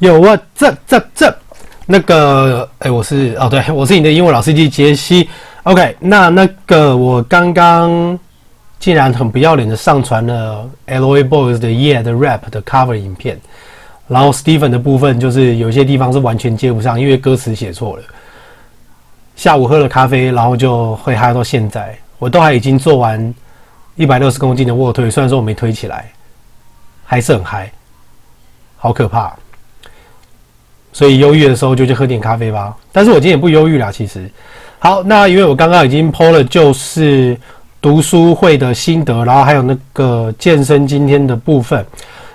有啊，這這這，那個，哎、欸，我是哦，對，我是你的英文老師機傑西。OK，那那個我剛剛竟然很不要臉的上傳了 L.A. Boys 的 Yeah 的 rap 的 cover 影片，然後 Steven 的部分就是有些地方是完全接不上，因為歌詞寫錯了。下午喝了咖啡，然後就會嗨到現在，我都還已經做完一百六十公斤的臥推，雖然說我沒推起來，還是很嗨，好可怕。所以憂鬱的時候就去喝點咖啡吧。但是我今天也不憂鬱了啊，其實。好，那因為我剛剛已經 po 了，就是讀書會的心得，然後還有那個健身今天的部分。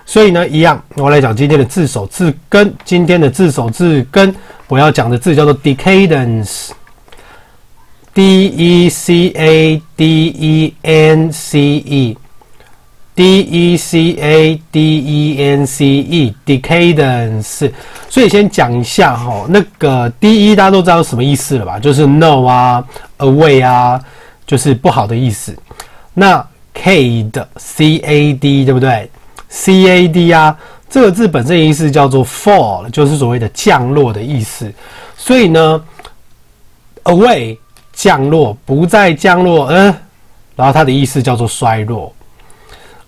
所以呢，一樣，我來講今天的字首字根。今天的字首字根，我要講的字叫做 decadence，D E C A D E N C E。C a d e n c e d e c a d e n c e, decadence。所以先講一下哈，那個 d e 大家都知道什麼意思了吧？就是 no 啊，away 啊，就是不好的意思。那 cad c a d 對不對？c a d 啊，這個字本身意思叫做 fall，就是所謂的降落的意思。所以呢，away 降落，不再降落，嗯、呃，然後它的意思叫做衰落。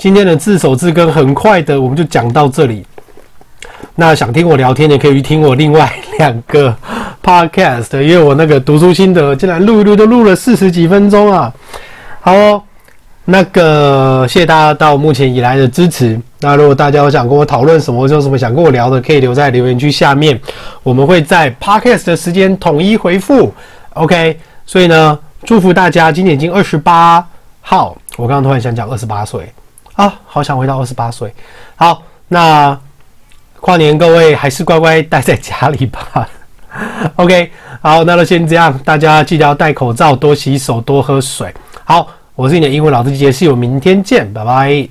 今天的字首字根很快的，我們就講到這裡。那想聽我聊天的，可以去聽我另外兩個 podcast，因為我那個讀書心得竟然錄一錄都錄了四十幾分鐘啊！好，那個謝謝大家到目前以來的支持。那如果大家想跟我討論什麼，或有什麼想跟我聊的，可以留在留言區下面，我們會在 podcast 的時間統一回復。OK，所以呢，祝福大家，今年已經二十八號，我剛剛突然想講二十八歲。啊，好想回到二十八歲。好，那跨年各位還是乖乖待在家裡吧。 OK，好，那就先這樣。大家記得要戴口罩，多洗手，多喝水。好，我是你的英文老師傑西，我明天見，拜拜。